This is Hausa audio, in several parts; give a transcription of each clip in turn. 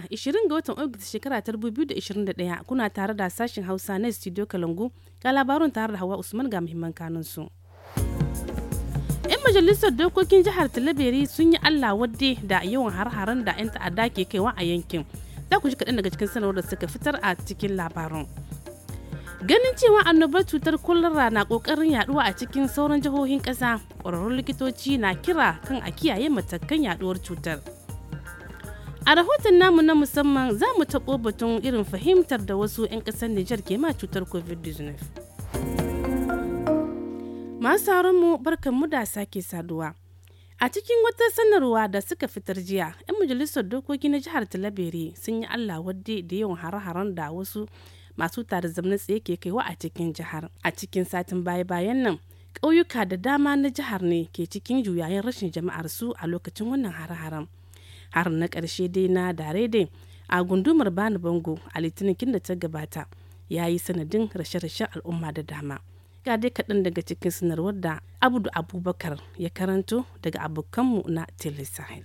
Jama'a 20 ga watan Ogist shekara ta 2021 kuna tare da sashen Hausa na Studio Kalangu ga labarun tare da Hawa Usman ga muhimman kanun su. 'Yan majalisar dokokin jihar Talabiri sun yi Allah wadde da yawan har-haren da 'yan ta'adda ke kaiwa a yankin. Za ku ji kaɗan daga cikin sanarwar da suka fitar a cikin labarun. ganin cewa annobar cutar kwalara na kokarin yaduwa a cikin sauran jihohin kasa ƙwararrun likitoci na kira kan a kiyaye matakan yaduwar cutar A rahoton namu na musamman za mu taɓo batun irin fahimtar da wasu 'yan ƙasar Nijar ke ma cutar COVID-19. Masu mu barkan mu da sake saduwa. A cikin wata sanarwa da suka fitar jiya, 'yan majalisar dokoki na jihar Talabere sun yi Allah wadde da yawan hare-haren da wasu masu tare zamanin tsaye ke kaiwa a cikin jihar. A cikin satin baya-bayan nan, ƙauyuka da dama na jihar ne ke cikin juyayen rashin jama'ar su a lokacin wannan hare-haren. har na ƙarshe dai na dai a gundumar bani bango a litinin da ta gabata ya yi sanadin rashe-rashen al'umma da dama ga dai kaɗan daga cikin sanarwar da abudu abubakar ya karanto daga abokanmu na telesahel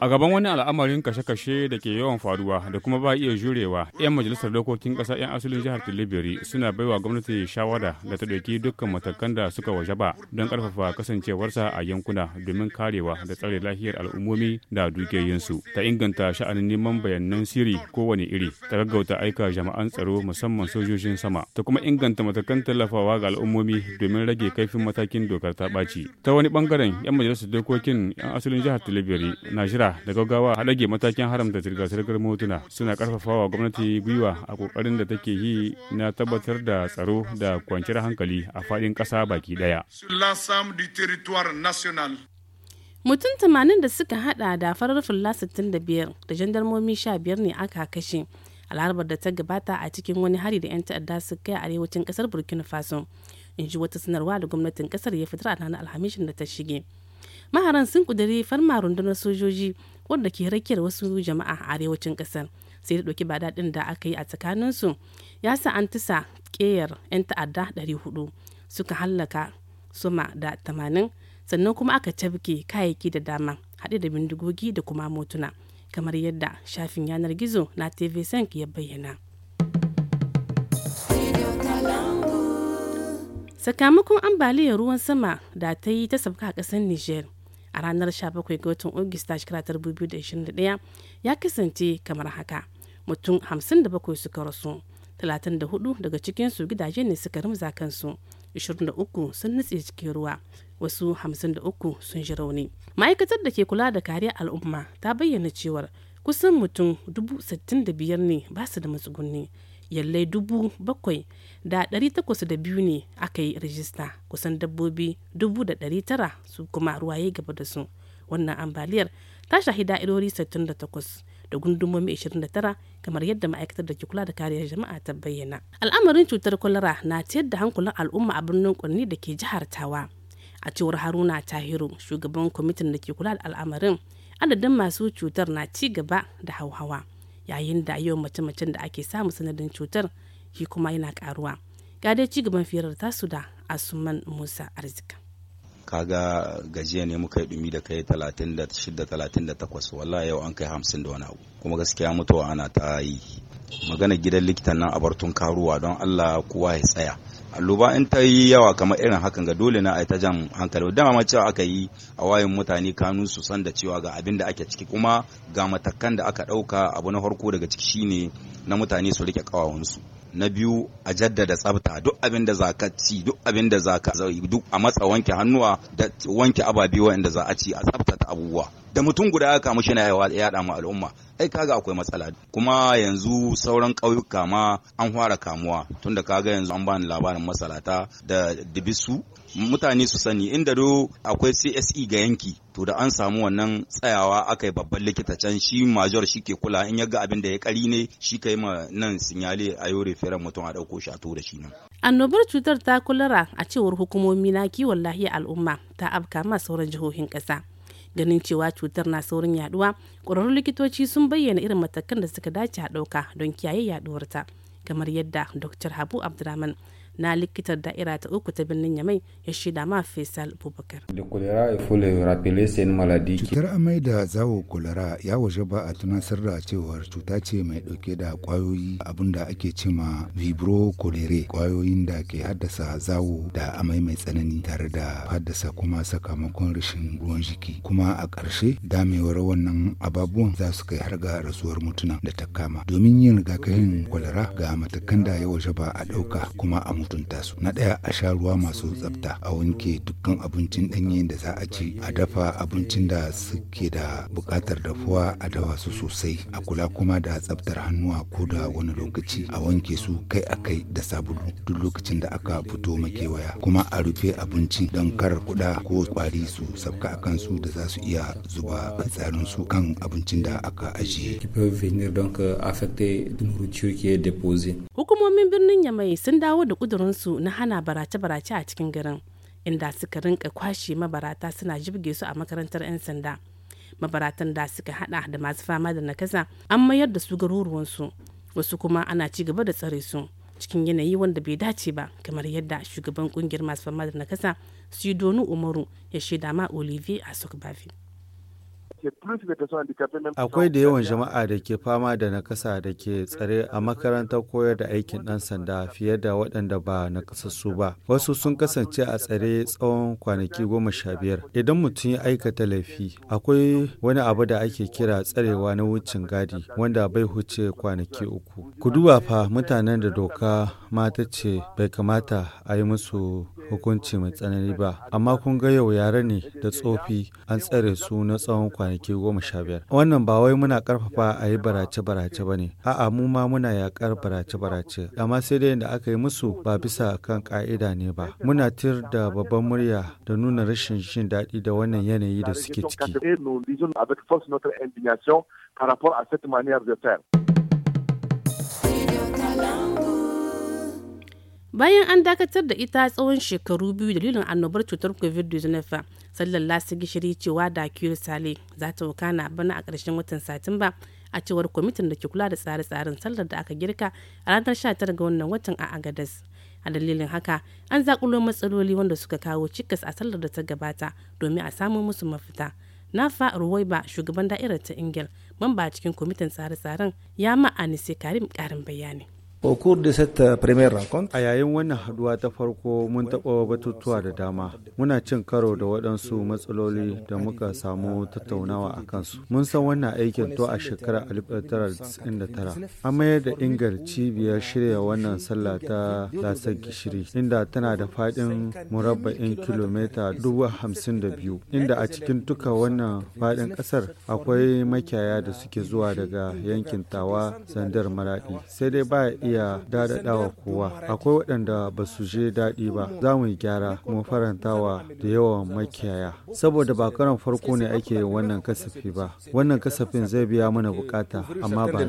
A gaban wani al'amarin kashe-kashe da ke yawan faruwa da kuma ba iya jurewa, 'yan majalisar dokokin ƙasa 'yan asalin jihar Tilibiri suna baiwa gwamnati shawara da ta ɗauki dukkan matakan da suka waje ba don ƙarfafa kasancewarsa a yankuna domin karewa da tsare lafiyar al'ummomi da dukiyoyinsu, ta inganta sha'anin neman bayanan sirri kowane iri, ta gaggauta aika jama'an tsaro musamman sojojin sama, ta kuma inganta matakan tallafawa ga al'ummomi domin rage kaifin matakin dokar ta ɓaci. Ta wani ɓangaren 'yan majalisar dokokin 'yan asalin jihar Tilibiri na jira da gaggawa a ɗage matakin haramta zirga-zirgar motuna suna karfafawa gwamnati gwiwa a ƙoƙarin da take yi na tabbatar da tsaro da kwanciyar hankali a faɗin ƙasa baki ɗaya. Mutum tamanin da suka hada da farar fulla 65 da jandarmomi biyar ne aka kashe. larabar da ta gabata a cikin wani hari da 'yan ta'adda su kai arewacin kasar burkina faso in ji wata sanarwa da gwamnatin kasar ya fitar a ranar alhamishin da ta shige maharan sun kuduri farma rundunar sojoji wadda ke rakiyar wasu jama'a a arewacin kasar sai da ɗauki daɗin da aka yi a tsakaninsu ya sa an tisa ƙeyar 'yan ta'adda 400 suka hallaka suma da tamanin, sannan kuma aka cafke kayayyaki da dama haɗe da bindigogi da kuma motuna kamar yadda shafin yanar gizo na tv ya bayyana. sakamakon ambaliyar ruwan sama da ta yi ta sauka a ƙasar niger a ranar 17 ga watan agusta shekara 2021 ya kasance kamar haka mutum 57 suka rasu 34 daga cikinsu gidaje ne suka rumza kansu 23 sun nutse cikin ruwa wasu 53 sun ji rauni ma'aikatar da ke kula da kariyar al'umma ta bayyana cewar kusan mutum 65 ne ba su da matsuguni yallai dubu bakwai da ɗari takwas da biyu ne aka yi rajista kusan dabbobi dubu da ɗari tara su kuma ruwaye gaba da su wannan ambaliyar ta shahi da'irori 68 da gundumomi 29 kamar yadda ma'aikatar da ke kula da kariyar jama'a ta bayyana al'amarin cutar kwalara na ciyar da hankulan al'umma a birnin kwanni da ke jihar tawa a cewar haruna tahiru shugaban kwamitin da ke kula da al'amarin adadin masu cutar na ci gaba da hauhawa yayin da yawan mace-macen da ake samu sanadin cutar shi kuma yana karuwa ga dai gaban firar tasu da asuman musa arzika kaga gajiya ne muka yi dumi da kai 36-38 wallahi yau an kai 50 da wani abu kuma gaskiya mutuwa ana ta yi magana gidan likitan nan a bartun karuwa don allah kowa ya tsaya alluba in ta yi yawa kamar irin hakan ga dole na a ta jan hankali dama ma cewa aka yi a wayan mutane kanu su san da cewa ga abin da ake ciki kuma ga matakan da aka ɗauka abu na farko daga ciki shine na mutane su rike kawawansu na biyu a jaddada tsafta duk abin da zaka ci duk abin da zaka duk a matsa wanke hannuwa da wanke ababe wa'anda za a ci a tsabtata abubuwa da mutum guda ya kamu shi na yaɗa mu al'umma ai kaga akwai matsala kuma yanzu sauran ƙauyuka ma an fara kamuwa tunda kaga yanzu an bani labarin masalata da dibisu mutane su sani inda do akwai CSE ga yanki to da an samu wannan tsayawa aka yi babban likita can shi major shi ke kula in yaga abin da ya kari ne shi kai ma nan sinyale a yore referen mutum a dauko shi a da shi nan. Annobar cutar ta kulara a cewar hukumomi na kiwon lahiya al'umma ta afka ma sauran jihohin ƙasa. ganin cewa cutar na saurin yaduwa ƙwararrun likitoci sun bayyana irin matakan da suka dace a ɗauka don kiyaye yaduwarta kamar yadda dr habu abdulrahman na likitar da'ira ta uku ta birnin Yamai ya shaida ma Faisal maladi Cutar amai da zawo kulara ya waje ba a tunasar da cewar cuta ce mai dauke da kwayoyi abinda ake cima vibro kolere kwayoyin da ke haddasa zawo da amai mai tsanani tare da haddasa kuma sakamakon rashin ruwan jiki kuma a ƙarshe damewar wannan ababuwan za su kai har ga rasuwar mutuna da ta kama domin yin rigakafin kwalara ga matakan da ya waje ba a ɗauka kuma a mutu mutunta su na ɗaya a sha ruwa masu tsafta a wanke dukkan abincin ɗanye da za a ci a dafa abincin da suke da buƙatar dafuwa a dafa su sosai a kula kuma da tsaftar hannuwa ko da wani lokaci a wanke su kai a kai da sabulu duk lokacin da aka fito makewaya kuma a rufe abincin don kar kuɗa ko kwari su sabka a kansu da za su iya zuba tsarin su kan abincin da aka ajiye. Hukumomin birnin Yamai sun dawo da ƙudurin ƙudurinsu na hana barace-barace a cikin garin inda suka rinka kwashe mabarata suna jibge su a makarantar 'yan sanda mabaratan da suka hada da masu fama da nakasa an mayar da su garuruwansu wasu kuma ana ci gaba da tsare su cikin yanayi wanda bai dace ba kamar yadda shugaban kungiyar masu fama da nakasa sidonu umaru ya shaida ma olivier sokbafi Akwai da yawan jama'a da ke fama da nakasa da ke tsare a makarantar koyar da aikin dan sanda fiye da waɗanda ba nakasassu ba. Wasu sun kasance a tsare tsawon kwanaki goma sha biyar. Idan mutum ya aikata laifi, akwai wani abu da ake kira tsarewa na wucin gadi wanda bai huce kwanaki uku. Ku duba fa mutanen da doka mata ce bai kamata a yi musu hukunci mai tsanani ba amma kun ga yau yare ne da tsofi an tsare su na tsawon kwanaki goma sha biyar wannan ba wai muna karfafa a yi barace barace ba ne a'a mu ma muna yakar barace barace amma sai dai da aka yi musu ba bisa kan ka'ida ne ba muna tir da babban murya da nuna rashin jin daɗi da wannan yanayi da suke ciki par rapport à cette manière de faire. bayan an dakatar da ita tsawon shekaru biyu dalilin annobar cutar covid-19 sallar lasu gishiri cewa da kiyar sale za ta wakana bana a ƙarshen watan satumba a cewar kwamitin da ke kula da tsare-tsaren sallar da aka girka a ranar 19 ga wannan watan a agadas a dalilin haka an zakulo matsaloli wanda suka kawo cikas a sallar da ta gabata domin a samu musu mafita na nafa ruwaiba shugaban da'irar ta ingil mamba a cikin kwamitin tsare-tsaren ya ma karim karin bayani Au cours de cette euh, première rencontre, a yayin wannan haduwa ta farko mun taɓa batutuwa da dama. Muna cin karo da waɗansu matsaloli da muka samu tattaunawa a kansu. Mun san wannan aikin to a shekarar 1999. An mayar da ingar cibiyar shirya wannan sallah ta lasar gishiri, inda tana da faɗin murabba'in kilomita dubu hamsin da biyu, inda a cikin duka wannan faɗin ƙasar akwai makiyaya da suke zuwa daga yankin tawa sandar maraɗi. Sai dai ba iya dadadawa kowa akwai waɗanda ba su je daɗi ba za mu yi gyara mu farantawa da yawan makiyaya saboda ba karan farko ne ake yin wannan kasafi ba wannan kasafin zai biya mana bukata amma ba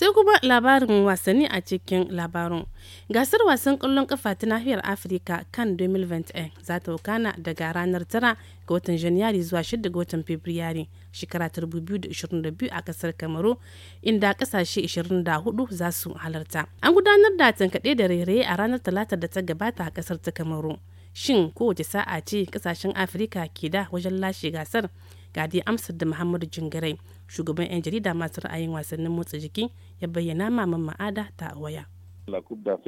sai kuma labarin wasanni a cikin labarin gasar wasan ƙwallon kafa ta nahiyar afirka kan 2021 za ta wakana daga ranar 9 ga watan janairu zuwa 6 ga watan fabrairu shekara 2022 a kasar kamaru inda kasashe 24 za su halarta an gudanar da tankaɗe da rairaye a ranar talata da ta gabata a kasar ta kamaru shin kowace sa'a ce kasashen afirka ke da wajen lashe gasar Gadi amsar da muhammadu jingirai shugaban 'yan jarida masu ra'ayin wasannin motsa jiki ya bayyana maman ma'ada ta waya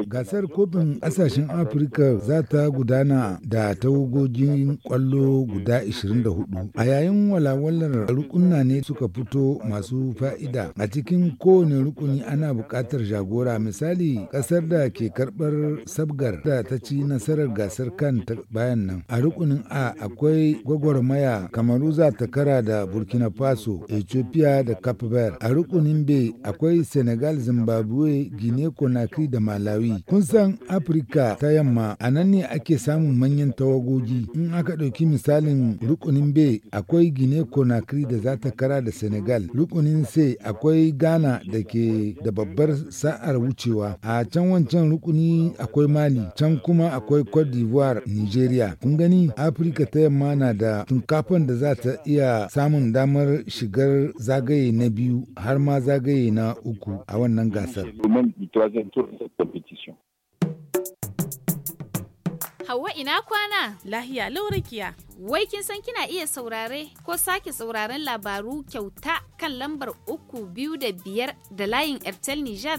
Gasar kofin ƙasashen Afirka za ta gudana da tawagogin ƙwallo guda 24. A yayin walawalar rukunna ne suka fito masu fa'ida. A cikin kowane rukuni ana buƙatar jagora misali ƙasar da ke karɓar sabgar da ta ci nasarar gasar kan bayan nan. A rukunin A akwai gwagwarmaya Kamaru za ta kara da Burkina Faso, Ethiopia da Cape Verde. A rukunin B akwai Senegal, Zimbabwe, Guinea Conakry da Malawi. Kun san Afirka ta yamma a nan ne ake samun manyan tawagogi. In aka ɗauki misalin rukunin B akwai Gine Conakry da za ta kara da Senegal. Rukunin C akwai Ghana da ke da babbar sa'ar wucewa. A can wancan rukuni akwai Mali, can kuma akwai Cote d'Ivoire, Nigeria. Kun gani Afirka ta yamma na da tunkafan da za ta iya samun damar shigar zagaye na biyu har ma zagaye na uku a wannan gasar. cette compétition. Hauwa ina kwana? Lahiya laurakiya. Wai kin san kina iya saurare ko sake sauraren labaru kyauta kan lambar uku biyu da biyar da layin Airtel Niger?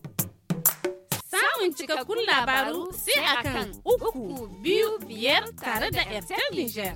Samun cikakkun labaru sai akan uku biyu biyar tare da Airtel Niger.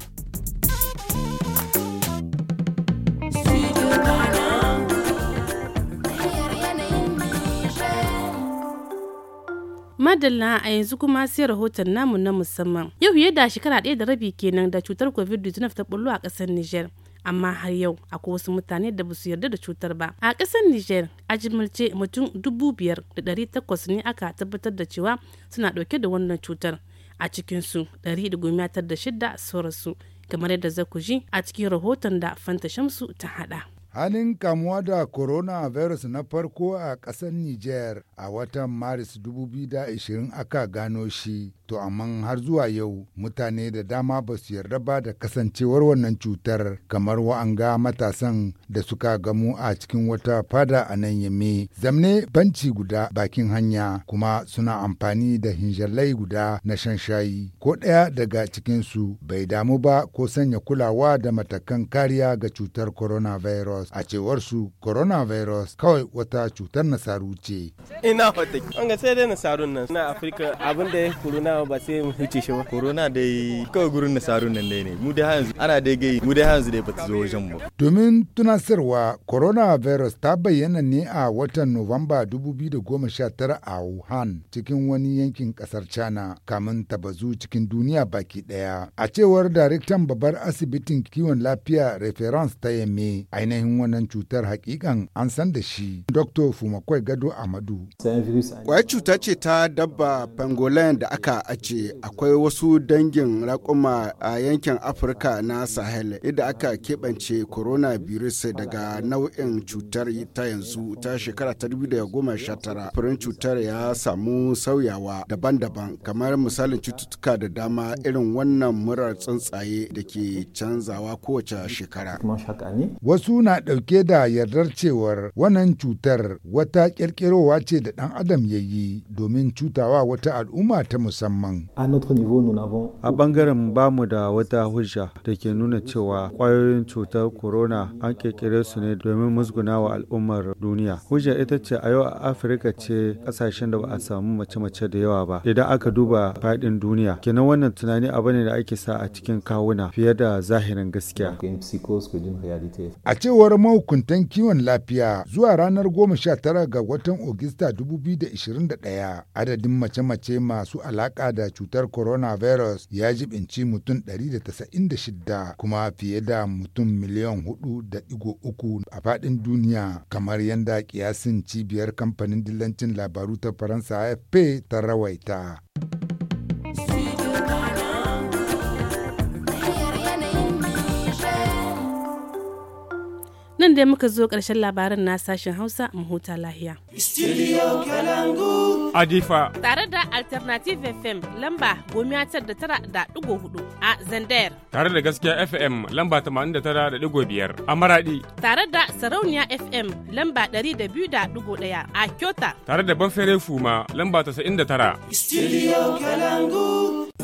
madalla a yanzu kuma sai rahoton namu na musamman yau fiye da shekara ɗaya da rabi kenan da cutar covid-19 ta bullo a ƙasar niger amma har yau akwai wasu mutane da basu yarda da cutar ba a ƙasar niger a jimilce mutum dubu biyar da ɗari takwas ne aka tabbatar da cewa suna ɗauke da wannan cutar a cikinsu ɗari da goma da shida sauransu kamar yadda zakuji a cikin rahoton da fanta shamsu ta haɗa. Halin kamuwa da coronavirus na farko a ƙasar Nijar a watan Maris 2020 aka gano shi, to amma har zuwa yau mutane da dama ba su yarda ba da kasancewar wannan cutar kamar wa'anga matasan da suka gamu a cikin wata fada a nan yame zamne banci guda bakin hanya kuma suna amfani da hinjalai guda na shan shayi ko ɗaya daga cikinsu bai damu ba ko sanya kulawa da matakan kariya ga cutar coronavirus. coronavirus a cewar su coronavirus kawai wata cutar nasaru ce. Ina wata wanga sai dai nasarun nan na Afirka abin da ya corona ba sai mu huce shi ba. Corona dai kawai gurin nasarun nan ne mu dai yanzu ana dai gai mu dai yanzu dai ba ta zo wajen mu. Domin tunasarwa coronavirus ta bayyana ne a watan Nuwamba 2019 a Wuhan cikin wani yankin kasar China kamin ta bazu cikin duniya baki daya. A cewar daraktan babbar asibitin kiwon lafiya reference ta yamme ainihin wannan cutar hakikan an san da shi. Dr. Fumakwai Gado Amadu. kwai cuta ce ta dabba pangolin da aka ace akwai wasu dangin raƙuma a yankin Afirka na Sahel inda aka keɓance coronavirus daga nau'in cutar ta yanzu ta shekara ta 2019. Furin cutar ya samu sauyawa daban-daban kamar misalin cututtuka da dama irin wannan murar tsuntsaye da ke canzawa kowace shekara. Wasu na yana ɗauke da yardar cewar wannan cutar wata ƙirƙirowa ce da ɗan adam ya yi domin cutawa wata al'umma ta musamman. A ɓangaren mu da wata hujja da ke nuna cewa ƙwayoyin cutar corona an ƙirƙire su ne domin musguna al'ummar duniya. Hujja ita ce a yau a Afirka ce ƙasashen da ba a samu mace-mace da yawa ba. Idan aka duba faɗin duniya, kenan wannan tunani abu ne da ake sa a cikin kawuna fiye da zahirin gaskiya. A cewar sanarwar mahukuntan kiwon lafiya zuwa ranar 19 ga watan Ogista 2021 adadin mace-mace masu alaƙa da cutar coronavirus ya jibinci mutum 196 kuma fiye da mutum miliyan 4.3 a faɗin duniya kamar yadda kiyasin cibiyar kamfanin dillancin labaru ta Faransa AFP ta rawaita. nan dai muka zo ƙarshen labarin na sashen hausa mu huta lahiya adifa tare da alternative fm lamba gomiya tar da tara da digo hudu a zandayar tare da gaskiya fm lamba tamanin da tara da digo biyar a maradi tare da sarauniya fm lamba ɗari da biyu da digo ɗaya a kyota tare da banfere fuma lamba tasa'in da tara studio kalangu